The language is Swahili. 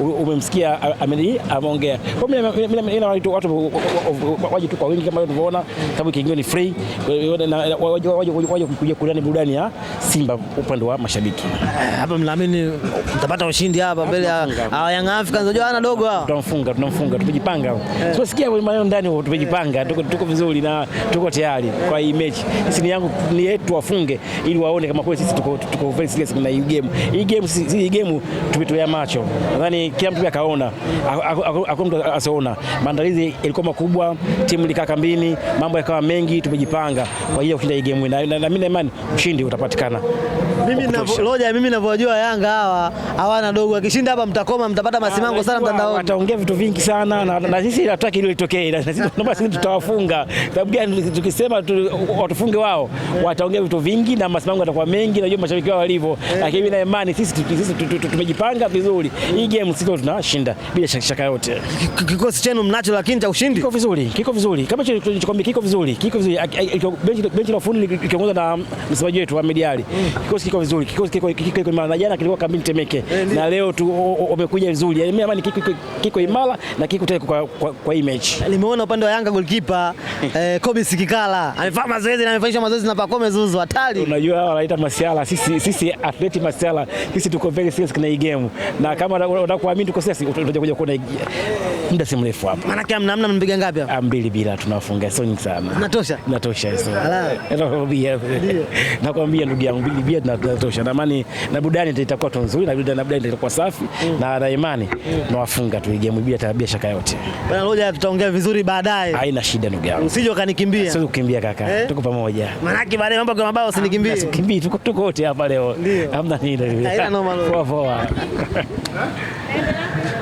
umemsikia ameongea. Kwa hiyo watu waje tu kwa wingi kama tunavyoona, sababu kiingio ni free, waje kuja kulani burudani ya Simba upande wa mashabiki eh, hapa. Mnaamini mtapata ushindi hapa mbele ya Young Africans? Unajua ana dogo hao, tunamfunga tunamfunga, tupijipanga tusikia eh. wao ndani, tupijipanga, eh. tuko vizuri na tuko tayari kwa hii mechi. Sisi ni yangu ni yetu, wafunge ili waone kama kweli sisi tuko tuko very serious na hii game. Hii game, hii game tumetoa macho nadhani kila mtu akaona, hakuna mtu asiona. Maandalizi yalikuwa makubwa, timu ilikaa kambini, mambo yakawa mengi, tumejipanga kwa ajili ya kushinda hii game, na mimi na imani ushindi utapatikana mimi Loja, mimi ninavyojua Yanga hawa hawana dogo, akishinda hapa mtakoma, mtapata masimango sana mtandaoni, wataongea vitu vingi sana na sisi hatutaki hilo litokee, na sisi tunaomba sisi tutawafunga. Sababu gani? Tukisema watufunge wao, wataongea vitu vingi na masimango yatakuwa mengi, najua mashabiki wao walivyo, lakini mimi na imani sisi sisi tumejipanga vizuri, hii game sisi tunashinda bila shaka yote. Kikosi chenu mnacho, lakini cha ushindi kiko vizuri, kiko vizuri kama nilichokwambia, kiko vizuri, kiko vizuri. Benchi la ufundi likiongozwa na msemaji wetu Ahmed Ally, kikosi kiko vizuri, kikosi kiko imara. Jana kilikuwa kambini Temeke eh, na leo tu wamekuja vizuri, yaani mimi amani kiko imara na kiko tayari kwa hii mechi. Nimeona upande wa Yanga goalkeeper eh, Kobe Sikikala amefanya mazoezi na amefanyisha mazoezi na Pacome Zuzu hatari. Unajua hawa wanaita masiala, sisi sisi athleti masiala, sisi tuko very serious na hii game, na kama unakuamini tuko serious utakuja kuona muda si mrefu hapa. Maana kama namna mnapiga ngapi hapa? Ah, mbili bila tunafunga, sio nyingi sana. Natosha? Natosha hizo. Nakwambia ndugu yangu, mbili bila tunatosha. Na maana na burudani itakuwa tu nzuri na burudani itakuwa safi mm. na na imani tunawafunga tu game bila tabia shaka yote. Bwana Roja, tutaongea vizuri baadaye. Haina shida ndugu yangu. Usije ukanikimbia. Sio kukimbia kaka. Eh? Tuko pamoja. Maana baadaye mambo kwa mabao usinikimbie. Usikimbie, tuko tuko wote hapa leo. Hamna nini. Haina noma. Poa poa.